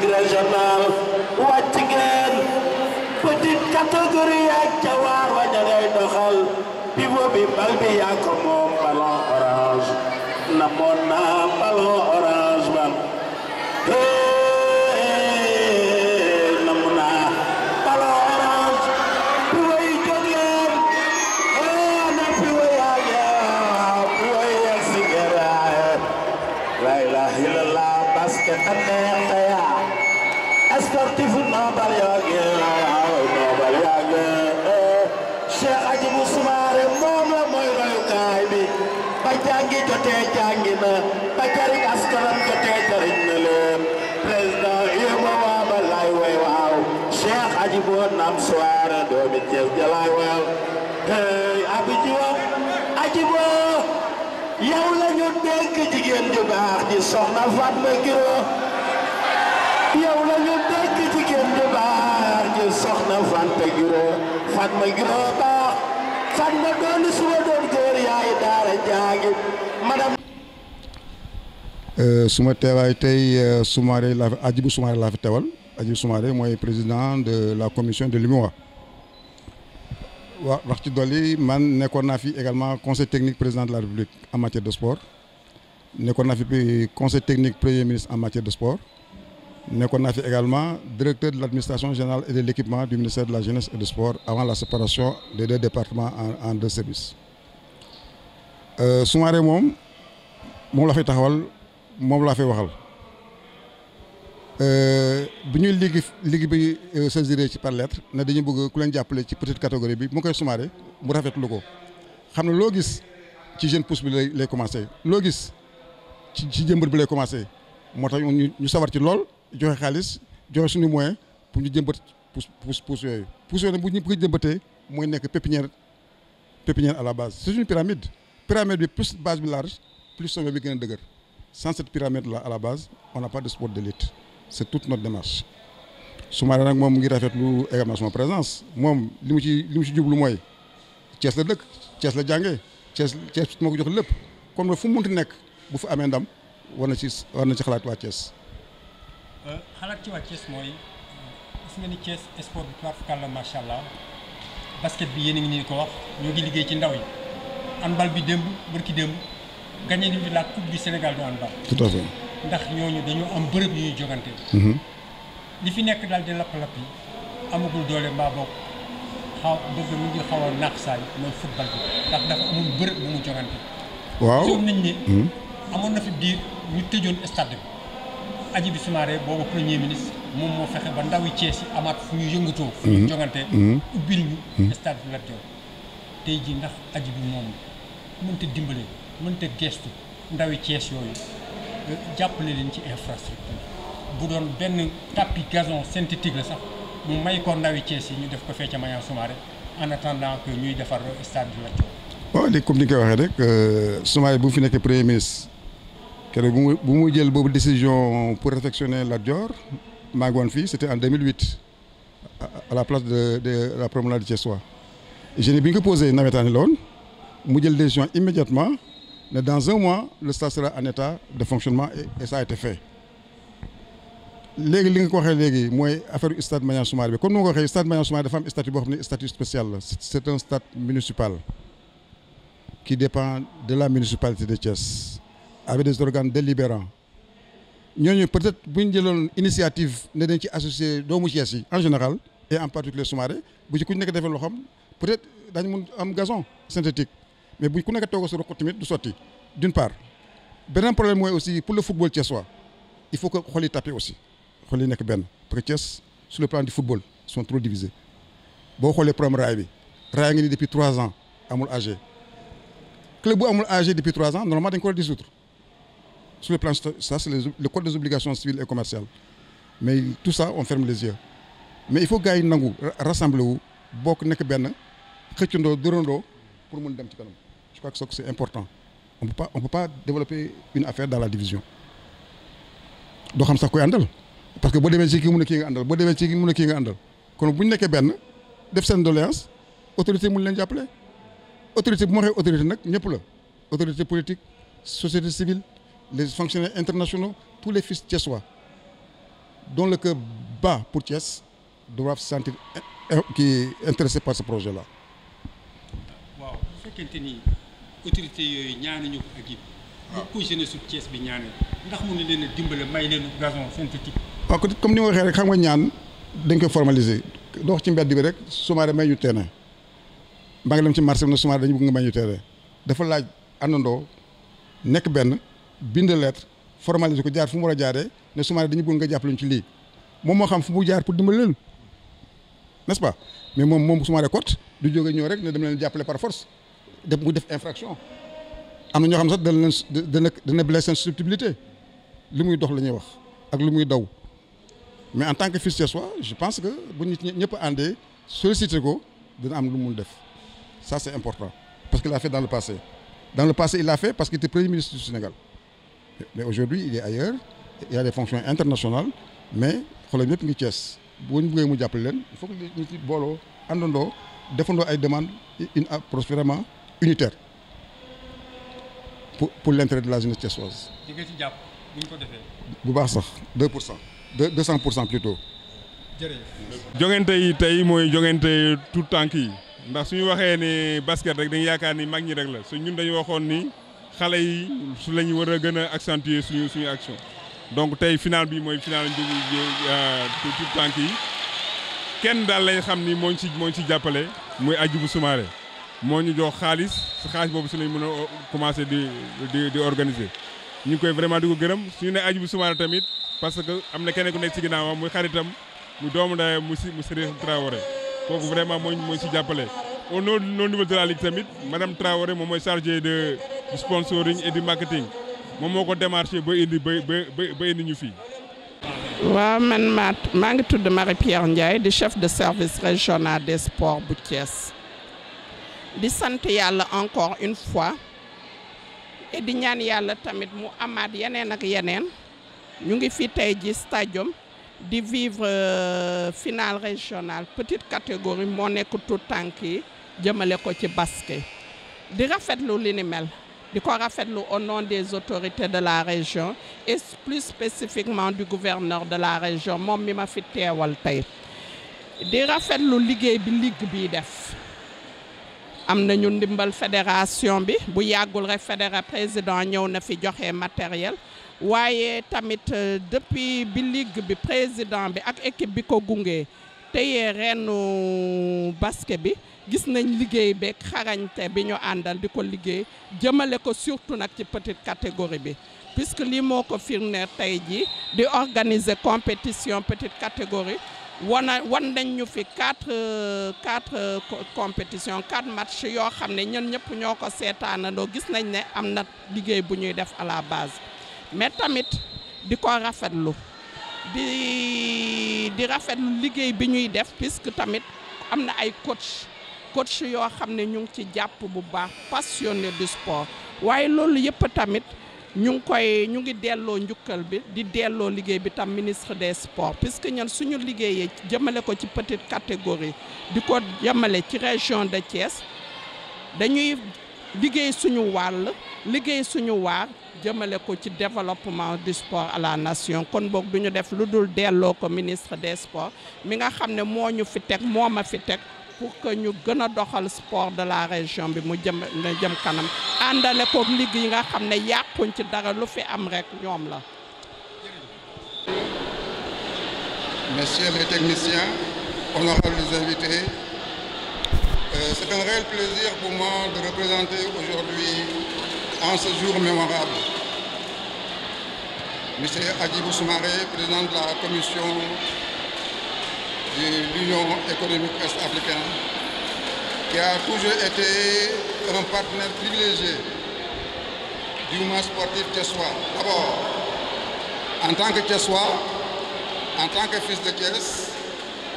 ligue régionale wàcc ngeen petite catégorie ak jawaar wa ña ngay doxal pivot bi bal bi yaa ko moom ballon orange na moon Cheikh Hadjibou Soumaré moom la mooy royukaay bi ba jàngi jotee jàngi na ba jariñ askanam jotee jariñ na leen président yéema waa ba lay way waaw Cheikh Hadjibou nam Soumaré doomi Cees jalaay waaw hey abi jiwa Hadjibou yow la ñu dénk jigéen ju baax di soxna Fatma Giro yow la ñu dénk jigéen ju baax di soxna Fatma Giro Fatma Giro Samba doon suma suma teewaay tey euh, Soumaré laa fi Hadjibou Soumaré laa fi teewal Hadjibou Soumaré mooy président de la commission de l'UMOA waaw wax ci dolli man nekkoon naa fi également conseil technique président de la République en matière de sport nekkoon naa fi conseil technique premier ministre en matière de sport nekkoon naa fi également directeur de l' administration générale et de l' équipement du ministère de la jeunesse et du sport avant la séparation des deux départements en de deux services euh, Soumaré moom moom la fay taxawal moom laa fay waxal euh, bu ñuy ligi ligi bi euh, saisiré ci par lettre ne dañu bëgg ku leen jàppale ci petite catégorie bi mu koy Soumaré mu rafetlu ko xam ne loo gis ci jeune pousse bi lay lay commencé loo gis ci ci jëmbët bi lay commencé moo tax ñu ñu sawar ci lool. joxe xaalis joxe suñu moyen pour ñu jëmbat pousse pousse yooyu pousse yooyu nag bu ñu ko jëmbatee mooy nekk pépinière pépinière à la base c'est une pyramide pyramide bi base bi large bi gën a dëgër sans cette pyramide la base on n'a pas de sport d'élite c'est toute notre démarche Soumaré nag moom ngi rafetlu également sama présence moom li ci li mu jublu mooy Thiès la dëkk Thiès la jàngee Thiès Thiès moo ko jox lépp kon nag fu mu munti nekk bu fa amee ndam war na ci war na ci xalaat waa Thiès Euh, xalaat ci waa Thiès mooy gis nga ni Thiès sport bi tubaab la macha allah basket bi yéen a ngi nii ko wax ñoo ngi liggéey ci ndaw yi handball bi démb bërki démb gagné nañu fi la coupe Sénégal du handball. tout ndax ñooñu dañoo am bërëb yu ñuy jogante. Mm-hmm. li fi nekk daal di lapp-lapp yi amagul doole mbaa bokk xaw bëgg mu ngi xaw a naax saay mooy football bi ndax dafa amul bërëb bu mu jogante. waaw suuf nañ ne. Mm-hmm. amoon na fi diir ñu tëjoon stade bi. Hadjibou Soumaré boobu premier ministre moom moo fexe ba ndawi Thiès yi amaat fu ñu yëngatoo. fu ñu mm-hmm. jongante. Mm-hmm. ubbil ñu. Mm-hmm. stade Lat Dior tey jii ndax Hadjibou moom mënta dimbale mënta gestu ndawi Thiès yooyu euh, jàppale leen ci infrastructure bu doon benn tapis gazon synthétique la sax mu may ko ndawi Thiès yi ñu def ko fee ca Mayang en attendant que ñuy defar stade Lat Dior. waaw léegi comme ni nga waxee rek euh, Soumaré bu fi nekkee premier ministre. keroog bu mu bu mu jël boobu décision pour réfectionner Lat Dior maa ngi fii c' était en 2008 à la place de de la promenade Thiessois jeune bi nga posé nawetaani la woon mu jël décision immédiatement ne dans un mois le stade sera en état de fonctionnement et ça a été fait léegi li nga ko waxee léegi mooy affaire stade Maniang Soumaré bi comme ni ma ko waxee stade Maniang dafa am statut boo xam ne statut spécial la c' est un stade municipal qui dépend de la municipalité de Thiès. avec des organes délibérants ñooñu peut-être bu ñu jëloon initiative ne dañ ci associé doomu Cees yi en général et en particulier Soumaré bu ci nekk defee loxoom peut-être dañ mun am gazon synthétique mais bu ku nekk toog sa ruq tamit du sotti d'une part beneen problème mooy aussi pour le football thiessois il faut que xol yi tapé aussi xol nekk benn parce que Thiès sur le plan du football ils trop divisés boo xoolee problème raay bi raay ngi nii depuis trois ans Sur le plan, ça c'est le code des obligations civiles et commerciales. Mais tout ça, on ferme les yeux. Mais il faut gars yi nangu rassemble wu bokk nekk benn xëccandoo dërandoo pour mun dem ci kanam je crois que ça c'est important on peut pas on peut développer une affaire dans la division doo xam sax koy àndal parce que boo demee ci kii mun a kii nga àndal boo demee ci kii mun a kii nga àndal kon bu nekkee benn def seen doléance autorité mun leen jàppale autorité bu ma autorité nag ñëpp la autorité politique société civile les fonctionnaires internationaux, tous les fils thiessois, dont le cœur bat pour Thiès, doivent se sentir euh, euh, qui intéressés par ce projet la waaw bu fekkente ni autorité yooyu ñaanuñu ko ak yëpp. waaw ah. ko jeunesse comme ni ma waxee rek xam nga ñaan dañ koy formaliser dox ci mbedd bi rek sumaare may ñu teene maa ngi dem ci marché bi na sumaare dañu bëgg nga may ñu teene dafa laaj àndandoo nekk benn. bind lettre formalisé ko jaar fu mu war a jaaree ne Soumaré dañu bëgg nga jàppale ñu ci lii moom moo xam fu mu jaar pour ma leen n'est-ce pas mais moom moom Soumaré Cotte du jóge ñëw rek ne dem leen jàppale par force def mu def infraction am na ñoo xam sax dana leen dana dana blessé seen susceptibilité li muy dox la ñuy wax ak lu muy daw mais en tant que fils de soi je pense que bu nit ñëpp àndee sollicité ko dana am lu mu def ça c'est important parce qu'il l'a fait dans le passé dans mais aujourd'hui il est ailleurs il y a des mais xoolal ñëpp ngi Thiès boo ñu bëggee mu jàppale leen il faut que ñu ci booloo àndandoo defandoo ay demandes une approche ah, vraiment unitaire pour pour l'intérêt de la jeunesse thiessoise. di nga bu ñu ko defee. bu baax sax 2 pour cent 2 200 pour cent plutôt. jërëjëf. joŋante yi tey mooy joŋante tout tànk yi ndax su ñu waxee ni basket rek dañu yaakaar ni mag ñi rek la su ñun dañu waxoon ni. xale yi su lañu war a gën a accentuer suñu suñu action donc tey final bi mooy final euh, tout tout tànk yi kenn daal lañ xam ni moo si moo ñu si jàppale muy Hadjibou Soumaré moo ñu jox xaalis si xaalis boobu si lañ mën a euh, commencé di di di organiser ñu ngi koy vraiment di ko gërëm suñu ne Hadjibou Soumaré tamit parce que am na keneen ku nekk si ginnaawam muy xaritam mu doomu ndeyam mu si mu Serigne Traoré kooku vraiment moo ñu moo si jàppale oo nom au niveau de tamit madame Traoré moom mooy chargé du sponsoring et du marketing moom moo ko démarché ba indi ba ba ba indi ñu fii. waaw man maa maa ngi tudd Marie Pierre Ndiaye di chef de service régional des sports bu Thiès di sant yàlla encore une fois et di ñaan yàlla tamit mu amaat yeneen ak yeneen ñu ngi fi tey ji stadium di vivre euh, finale régionale petite catégorie moo nekk tout tànk yi jëmale ko ci basket di rafetlu li ni mel. di ko rafetlu au nom des autorités de la région et plus spécifiquement du gouverneur de la région moom mi ma fi teewal tey di rafetlu liggéey bi ligue bi def am nañu ndimbal fédération bi bu yàggul rek fédéral président ñëw na fi joxe matériel waaye tamit euh, depuis bi ligue bi président bi ak équipe bi ko gunge téye reenu basket bi gis nañ liggéey beeg xarañte bi ñu àndal di ko liggéey jëmale ko surtout nag ci petite catégorie bi puisque lii moo ko firndeer tey jii di organiser compétition petite catégorie wana wan nañ ñu fi quatre quatre compétition quatre match yoo xam ne ñun ñëpp ñoo ko seetaanandoo gis nañ ne am na liggéey bu ñuy def à la base tamit di ko rafetlu di aussi di rafetlu liggéey bi ñuy def puisque tamit am na ay coach coach yoo xam ne ñu ngi ci jàpp bu baax passionné du sport waaye loolu yëpp tamit ñu ngi koy ñu ngi delloo njukkal bi di delloo liggéey bi tam ministre des sports puisque ñun suñu liggéeyee jëmale ko ci petite catégorie di ko jëmale ci région de Thiès dañuy liggéey suñu wàll liggéey suñu waar jëmale ko ci développement du sport à la nation kon boog du ñu def lu dul delloo ko ministre des sports mi nga xam ne moo ñu fi teg moo ma fi teg pour que ñu gën a doxal sport de la région bi mu jëm jëm kanam àndale koog ligue yi nga xam ne yàquñ ci dara lu fi am rek ñoom la. en ce jour mémorable. Monsieur Adjibou Soumaré, de la commission de l'Union économique est-africaine, qui a toujours été un partenaire privilégié du mouvement sportif Thiessois. D'abord, en tant que Thiessois, en tant que fils de Thiès,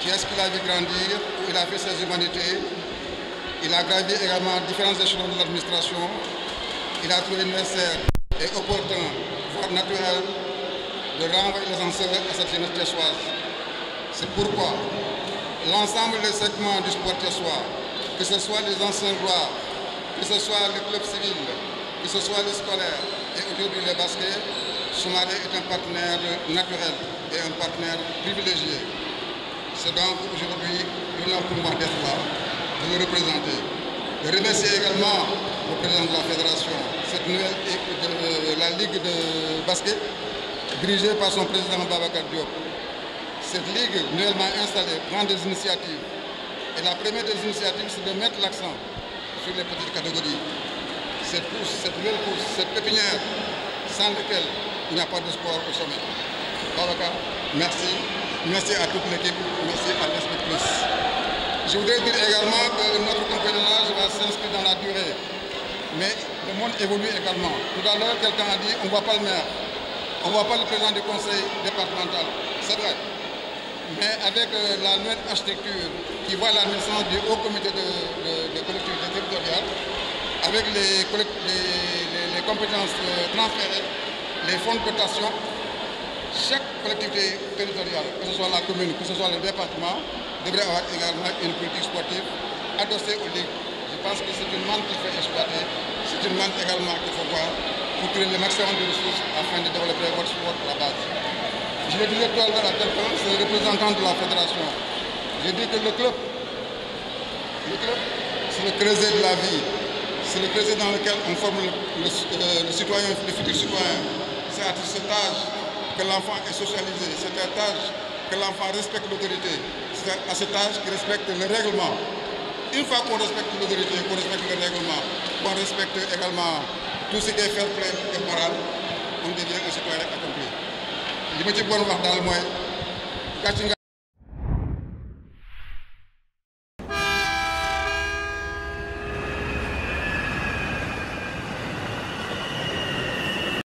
Thiès qu'il a vu grandir, il a fait ses humanités, il a gravi également différents échelons de l'administration il a trouvé nécessaire et opportun, voire naturel, de renvoyer l'ascenseur à cette jeunesse tchèchoise. C'est pourquoi l'ensemble des segments du sport tchèchois, que ce soit les anciens gloires, que ce soit le club civil, que ce soit le scolaire et aujourd'hui le basket, Soumaré est un partenaire naturel et un partenaire privilégié. C'est donc aujourd'hui l'honneur pour moi d'être là, de le représenter. Je remercie également le président de la fédération, cette nouvelle, de la Ligue de basket, dirigée par son président Babacar Diop. Cette ligue, nouvellement installée, prend des initiatives. Et la première des initiatives, c'est de mettre l'accent sur les petites catégories. Cette course, cette nouvelle course, cette pépinière, sans laquelle il n'y a pas de sport au sommet. Babacar, merci. à toute l'équipe, merci à l'Esprit Plus. Je voudrais dire également que notre compagnonnage va s'inscrire mais le monde évolue également. Tout à l'heure, quelqu'un a dit on voit pas le maire, on voit pas le président du conseil départemental. C'est vrai. Mais avec euh, la nouvelle architecture qui voit la naissance du haut comité de, de, de collectivité territoriale, avec les, compétences euh, les fonds de cotation, chaque collectivité territoriale, que ce soit la commune, que ce soit le département, devrait avoir également une politique sportive adossée aux ligues parce que c'est une manne qu'il faut exploiter. C'est une manne également qu'il faut voir pour créer le maximum de ressources afin de développer votre la base. Je l'ai dit tout à l'heure à tel point, de la fédération. J'ai dit que le club, c'est le creuset de la vie. C'est le creuset dans lequel on forme le, le, euh, le citoyen, le futur citoyen. C'est à cet âge que l'enfant est socialisé. C'est à cet âge que l'enfant respecte l'autorité. C'est à cet âge qu'il respecte le règlement. Une fois qu'on l'autorité, qu'on respecte le règlement, qu'on également tout ce qui est fair play et moral, un citoyen accompli. li ma ci bon wax daal mooy gàcce nga